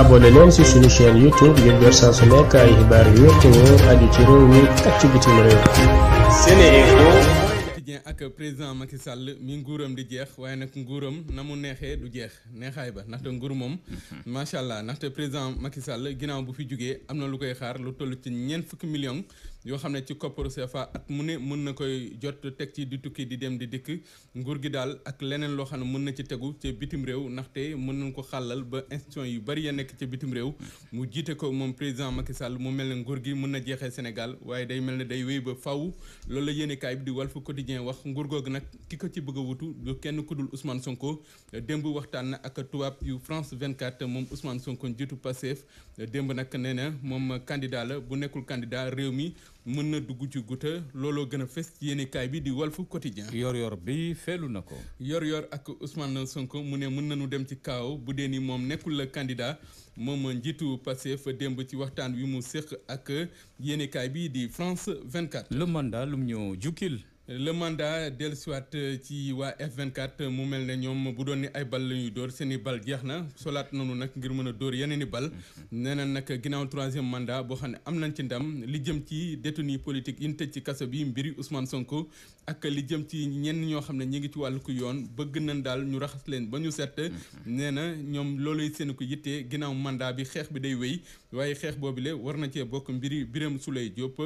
abonné leen ci suñu chaîne YouTube ngir jot saa su nekk ay xibaar wér te ci réew mi ak ci bitim réew. ak président Macky Sall mi nguuram di jeex waaye nag nguuram na mu neexee du jeex neexaay ba ndaxte nguur moom. Mhm. macha allah ndaxte président Macky Sall ginnaaw bu fi jógee am na lu koy xaar lu toll ci ñeent fukki millions. yoo xam ne ci kopparu CFA at mu ne mën na koy jot teg ci di tukki di dem di dikk nguur gi daal ak leneen loo xam ne mën na ci tegu ca bitim réew ndaxte mën nañ ko xàllal ba institution yu bari ya nekk ci bitim réew mu jiite ko moom président Macky Sall mu mel ne nguur gi mën na jeexee Sénégal waaye day mel ne day wéy ba faw loolu la yéenekaay bi di Walf Quotidien wax nguur googu nag ki ko ci bëgg a wutu du kenn ku dul Ousmane Sonko démb waxtaan na ak tubaab yu France 24 moom Ousmane Sonko njiitu Pastef démb nag nee na moom candidat la bu nekkul candidat réew mi mën na dugg ci guta looloo gën a fes ci yéenekaay bi di Walf Quotidien yor-yor bi feelu na ko. yor-yor ak Ousmane Sonko mu ne mën nañu dem ci kaaw bu dee ni moom nekkul la candidat moom njiitu Pastef fa démb ci waxtaan wi mu séq ak yéenekaay bi di France 24. le mandat lum ñu jukkil. le mandat dellusiwaat euh, ci waa F24 euh, mu mel ne ñoom bu doon ni ay bal la ñuy dóor seeni i bal jeex na solaat nañu nag ngir mën a dóor yeneen i bal mm-hmm. nee na nag ginnaaw troisième mandat boo xam ne am nañ ci ndam li jëm ci détenu politique yi ñu ci kaso bi mbiri Ousmane Sonko ak li jëm ci ñenn ñoo xam ne ñi ngi ci wàllu ko yoon bëgg nañ daal ñu raxas leen ba ñu set mm-hmm. nee na ñoom loolu seen ko yittee ginnaaw mandat bi xeex bi day wéy waaye xeex boobu le war na cee bokk mbir yi mbiri Birame Souleye Diop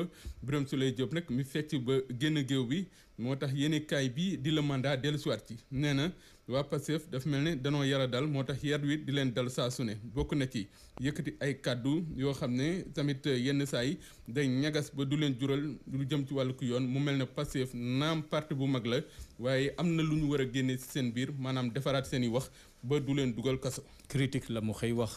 su lay Diop nag mi fecc ba génn géew bi moo tax yéene kaay bi di la mandat dellu si waat ci nee na waa Pastef daf mel ne danoo yara dal moo tax yar wi di leen dal saa su ne bokk na ci yëkkati ay kàddu yoo xam ne tamit yenn saa yi day ñagas ba du leen jural lu jëm ci wàllu ku yoon mu mel ne Pastef naam parti bu mag la waaye am na lu ñu war a génne ci seen biir maanaam defaraat seen i wax ba du dugal kaso. critique la mu xëy wax.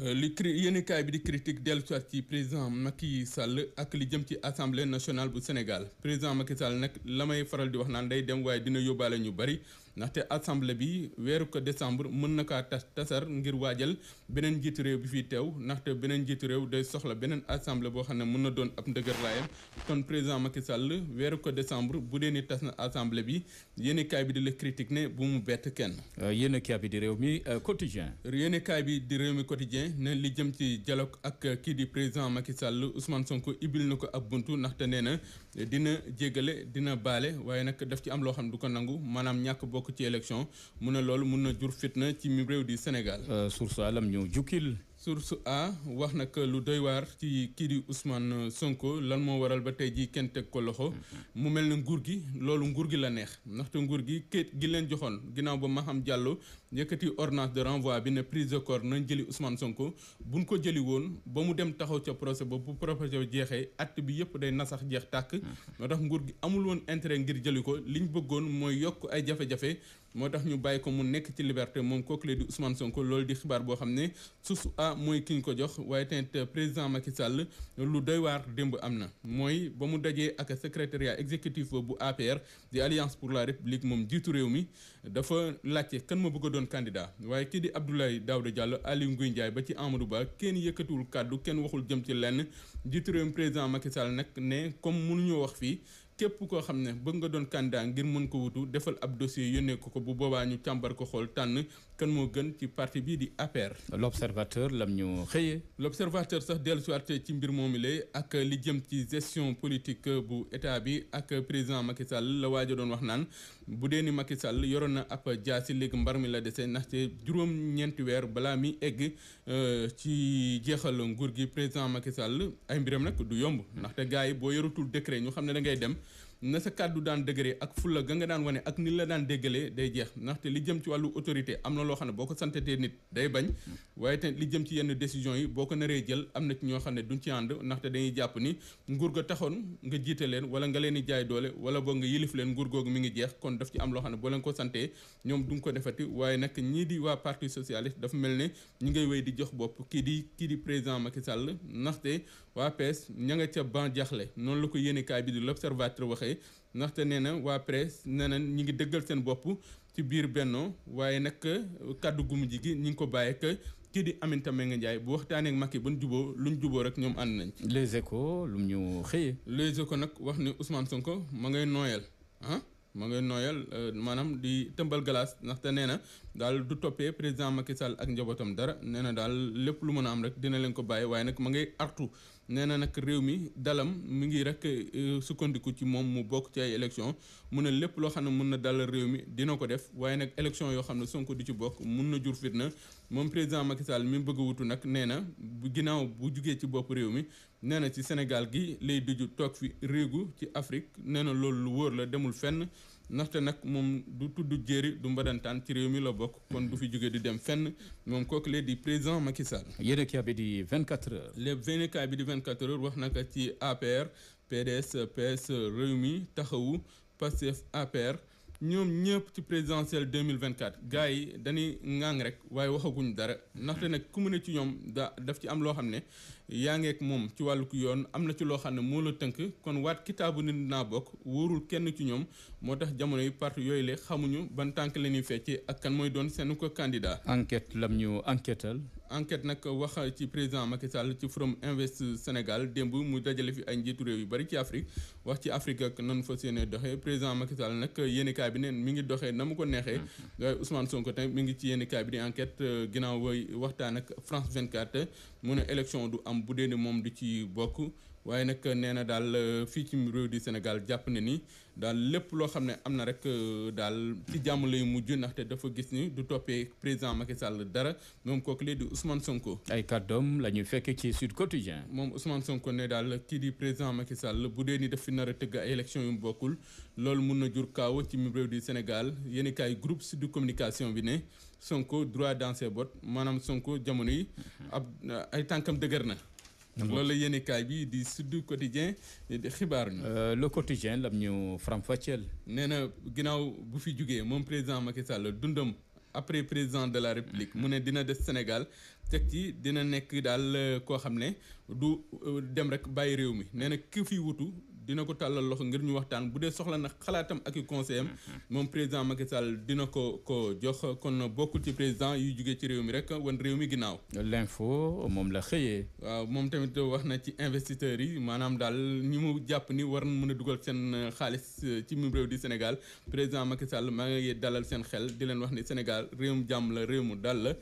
Euh, li cri yéenekaay bi di critique dellu soit ci président Macky Sall ak li jëm ci assemblée nationale bu Sénégal président Macky Sall nag la may faral di wax naan day dem waaye dina yóbbaale ñu bari ndaxte assemblée bi weeru ko décembre mën na kaa tas tasar ngir waajal beneen njiitu réew bi fiy teew ndaxte beneen njiitu réew day soxla beneen assemblée boo xam ne mën na doon ab ndëgër laayam kon président Macky Sall weeru ko décembre bu dee ni tas na assemblée bi yéen kaay bi di la critique ne bu mu bett kenn. Euh, yéen kaay bi di réew mi euh, quotidien. yéen kaay bi di réew mi quotidien ne li jëm ci jaloo ak kii di président Macky Sall Ousmane Sonko ibil na ko ab buntu ndaxte nee na dina jéggale dina baale waaye nag daf ci am loo xam du ko nangu maanaam ñàkk bokk ci élection mu na loolu mun na jur fitna ci mi réew di Sénégal. Euh, source alam ñëw jukkil. source a wax nag lu doy waar ci kii di Ousmane Sonko lan moo waral ba tey jii kenn teg ko loxo mhm. mu mel ne nguur gi loolu nguur gi la neex ndaxte nguur gi kayit gi leen joxoon ginnaaw ba Maham Diallo yëkkati ordonnance de renvoi bi ne prise de corps nañ jëli Ousmane Sonko buñ ko jëli woon ba mu dem taxaw ca procès ba bu procès ba jeexee att bi yëpp day nasax jeex tàkk moo tax nguur gi amul woon intérêt ngir jëli ko li ñu bëggoon mooy yokk ay jafe-jafe moo tax ñu bàyyi ko mu nekk ci liberté moom kooku la di Ousmane Sonko loolu di xibaar boo xam ne source a mooy ki ñu ko jox waaye tamit président Macky Sall lu doy waar démb am na mooy ba mu dajee ak secrétariat exécutif bu APR di Alliance pour la République moom jiitu réew mi doon waaye kii di Abdoulaye Daouda Diallo Aliou Nguy Ndiaye ba ci Amadou Ba kenn yëkkatiwul kàddu kenn waxul jëm ci lenn jiitu réewum président Macky Sall nag ne comme mënuñoo wax fii képp koo xam ne bëgg nga doon candidat ngir mën ko wutu defal ab dossier yónnee ko ko bu boobaa ñu càmbar ko xool tànn kan moo gën ci parti bii di APR. l'observateur lam ñu xëyee. l'observateur sax dellu si waat ci mbir moomu lay ak li jëm ci gestion politique bu état bi ak président Macky Sall la waaj doon wax naan. bu dee ni Macky Sall yoroon na ab jaasi léegi mbar mi la dese ndaxte juróom-ñeenti weer balaa mi egg euh, ci jeexal nguur gi président Macky Sall ay mbiram nag du yomb ndaxte gars yi boo yorutul décret ñu xam ne da ngay dem. na sa kàddu daan dëgëree ak fulla ga nga daan wane ak ni la daan déggalee day jeex ndaxte li jëm ci wàllu autorité am na loo xam ne boo ko santatee nit day bañ waaye te li jëm ci yenn décision yi boo ko naree jël am na ci ñoo xam ne duñ ci ànd ndaxte dañuy jàpp ni nguur ga taxoon nga jiite leen wala nga leen di jaay doole wala boog nga yilif leen nguur googu ngi jeex kon daf ci am loo xam ne boo leen ko santee ñoom duñ ko defati waaye nag ñii di waa parti socialiste dafa mel ne ñi ngay wéy di jox bopp kii di kii di président Macky Sall ndaxte waa presse ña nga ca ban jaxle noonu la ko yéenekaay bi di l'Observateur waxee ndaxte nee na waa presse nee na ñi ngi dëggal seen bopp ci biir bennoo waaye nag kaddu gu mujj gi ñi ngi ko bàyyee que kii di Aminata Mbengue Ndiaye bu waxtaaneek ak Macky ba ñu juboo lu ñu juboo rek ñoom ànd nañ. Les ko lu ñu xëyee. Les ko nag wax ni Ousmane ko ma ngay nooyal ah. ma ngay nooyal euh, maanaam di tëmbal glace ndaxte nee na daal du toppee président Macky Sall ak njabootam dara nee na daal lépp lu mën a am rek dina leen ko bàyyi waaye nag ma ngay artu nee na nag réew mi dalam mu ngi rek euh, sukkandiku ci moom mu bokk ci ay élection mu ne lépp loo xam ne mun na dalal réew mi dina ko def waaye nag élection yoo xam ne Sonko di ci bokk mun na jur fitna moom président Macky Sall mi bëgg wutu nag neena na bu ginnaaw bu jugee ci bopp réew mi nee na ci Sénégal gi lay duju toog fi réegu ci Afrique nee na loolu lu wóor la demul fenn ndaxte nag moom du tudd jéeri du mbadantaan ci réew mi la bokk kon du fi jóge di dem fenn moom kooku di président Macky Sall yéenekaay bi di 24 heures le vingt bi di 24 heures wax naka ci APR PDS PS Rewmi Taxawu Pastef APR ñoom ñëpp ci présidentielle deux mille vingt quatre gars yi dañuy ŋaang rek waaye waxaguñ dara ndaxte nag ku mu ne ci ñoom da daf ci am loo xam ne yaa ngeek moom ci wàllu yoon am na ci loo xam ne moo la tënk kon waat kitaabu nit naa bokk wóorul kenn ci ñoom moo tax jamono yi parti yooyu le xamuñu ban tànk la ñuy fecce ak kan mooy doon seen ko candidat. enquête lam ñu enquêtal enquête nag wax ci président Macky Sall ci forum Invest Sénégal démb mu dajale fi ay njiitu réew yu bari ci Afrique wax ci Afrique ak nan fa seen doxe président Macky Sall nag yéenekaay bi ne mi ngi doxee na mu ko neexee mm-hmm. euh, Ousmane Sonko tamit mu ngi ci yéenekaay bi di enquête euh, ginnaaw waxtaan ak France vingt 24 mu ne élection du am bu dee ne moom du ci bokk. waaye nag nee na daal euh, fii ci réew di Sénégal jàpp na ni daal lépp loo xam ne am na rek euh, daal ci jàmm lay mujj ndaxte dafa gis ni du toppee président Macky Sall dara moom kooku lee di Ousmane Sonko. ay kaddoom la ñu fekk ci Sud Quotidien. moom Ousmane Sonko ne daal kii di président Macky Sall bu dee ni daf fi nar a tëgg ay élections yu bokkul loolu mun na jur kaw ci réew di Sénégal yéen i kaay groupe Sud Communication bi ne. Sonko droit dans ses bottes maanaam Sonko jamono yi. ab ay tànkam dëgër na. loolu la yéene kaay bi di Sud Quotidien di xibaar ñu. Euh, le quotidien lam ñu faram-fàcceel. nee na ginnaaw bu fi jógee moom président Macky Sall dundam après président de la République mu ne dina def Sénégal teg ci dina nekk daal koo xam ne du euh, dem rek bàyyi réew mi nee na ki fi wutu. dina ko tàllal loxo ngir ñu waxtaan bu dee soxla na xalaatam ak i conseil mhm. moom président Macky Sall dina ko ko jox kon na bokkul ci président yi jugee ci réew mi rek wan réew mi ginnaaw. foo moom la xëyee. waaw moom tamit wax na ci investisseurs yi maanaam daal ñi mu jàpp ni war na mën a dugal seen xaalis euh, ci mu réew di Sénégal président Macky Sall maa ngi dalal seen xel di leen wax ni Sénégal réewum jàmm la réew mu dal la.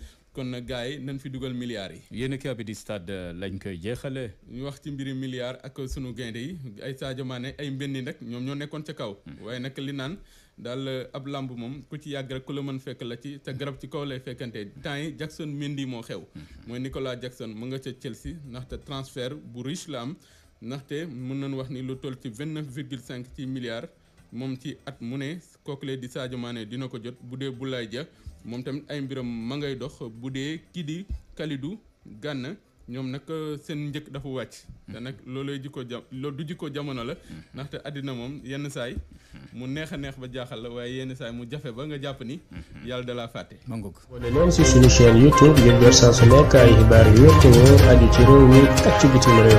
kon nag gars yi nañ fi dugal milliards yi. yéen a kii di stade euh, lañ koy jeexalee. ñu wax ci mbiri milliards ak sunu gaynde yi ay Sadio Mané ay mbenni nag ñoom ñoo nekkoon ca kaw. Hmm. waaye nag li naan daal euh, ab làmb moom ku ci yàgg rek ku la mën fekk la ci te garab ci kaw lay fekkante temps yi Jackson Mendy moo xew. Hmm. mooy Nicolas Jackson mu nga ca Chelsea ndaxte transfert bu riche la am ndaxte mën nañu wax ni lu toll ci vingt neuf virgule cinq ci milliards. moom ci at mu ne kooku di Sadio Mané dina ko jot bu dee bulaay ja moom tamit ay mbiram ma ngay dox bu dee kii di Kalidou Gana ñoom nag euh, seen njëkk dafa wàcc. Hmm. te nag loolooy jikko ja loolu du jikko jamono la. Hmm. ndaxte àddina moom yenn saay hmm. mu neex a neex ba jaaxal la waaye yenn saay mu jafe ba nga jàpp ni. yàlla da laa fàtte. mangog wane leen si suñu chaîne YouTube ngir jot saa su nekk ay xibaar ci réew mi ak ci bitim